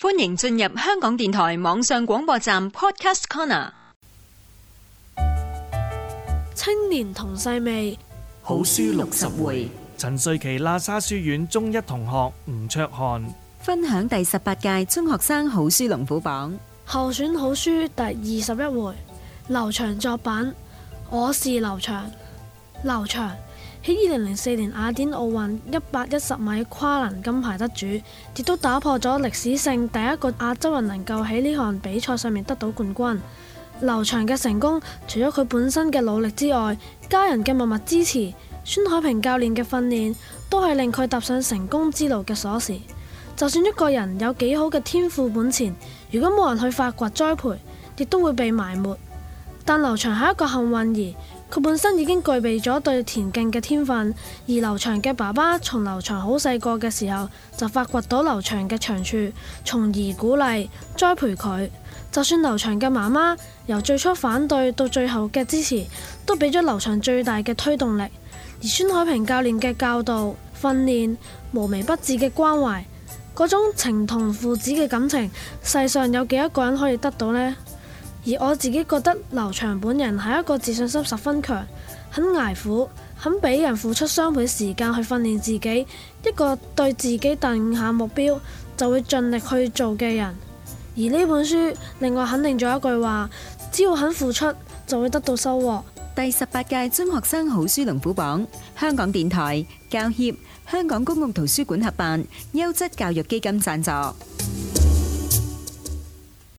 歡迎進入香港電台網上廣播站 Podcast Corner。青年同細味好書六十回。陳瑞祺喇沙書院中一同學吳卓翰分享第十八屆中學生好書龍虎榜候選好書第二十一回劉翔作品。我是劉翔。劉翔。喺二零零四年雅典奧運一百一十米跨欄金牌得主，亦都打破咗歷史性第一個亞洲人能夠喺呢項比賽上面得到冠軍。劉翔嘅成功，除咗佢本身嘅努力之外，家人嘅默默支持，孫海平教練嘅訓練，都係令佢踏上成功之路嘅鎖匙。就算一個人有幾好嘅天賦本錢，如果冇人去發掘栽培，亦都會被埋沒。但劉翔係一個幸運兒。佢本身已經具備咗對田徑嘅天分，而劉翔嘅爸爸從劉翔好細個嘅時候就發掘到劉翔嘅長處，從而鼓勵栽培佢。就算劉翔嘅媽媽由最初反對到最後嘅支持，都俾咗劉翔最大嘅推動力。而孫海平教練嘅教導、訓練、無微不至嘅關懷，嗰種情同父子嘅感情，世上有幾多個人可以得到呢？而我自己覺得劉翔本人係一個自信心十分強、肯捱苦、肯俾人付出雙倍時間去訓練自己、一個對自己定下目標就會盡力去做嘅人。而呢本書另外肯定咗一句話：只要肯付出，就會得到收穫。第十八屆中學生好書龍虎榜，香港電台、教協、香港公共圖書館合辦，優質教育基金贊助。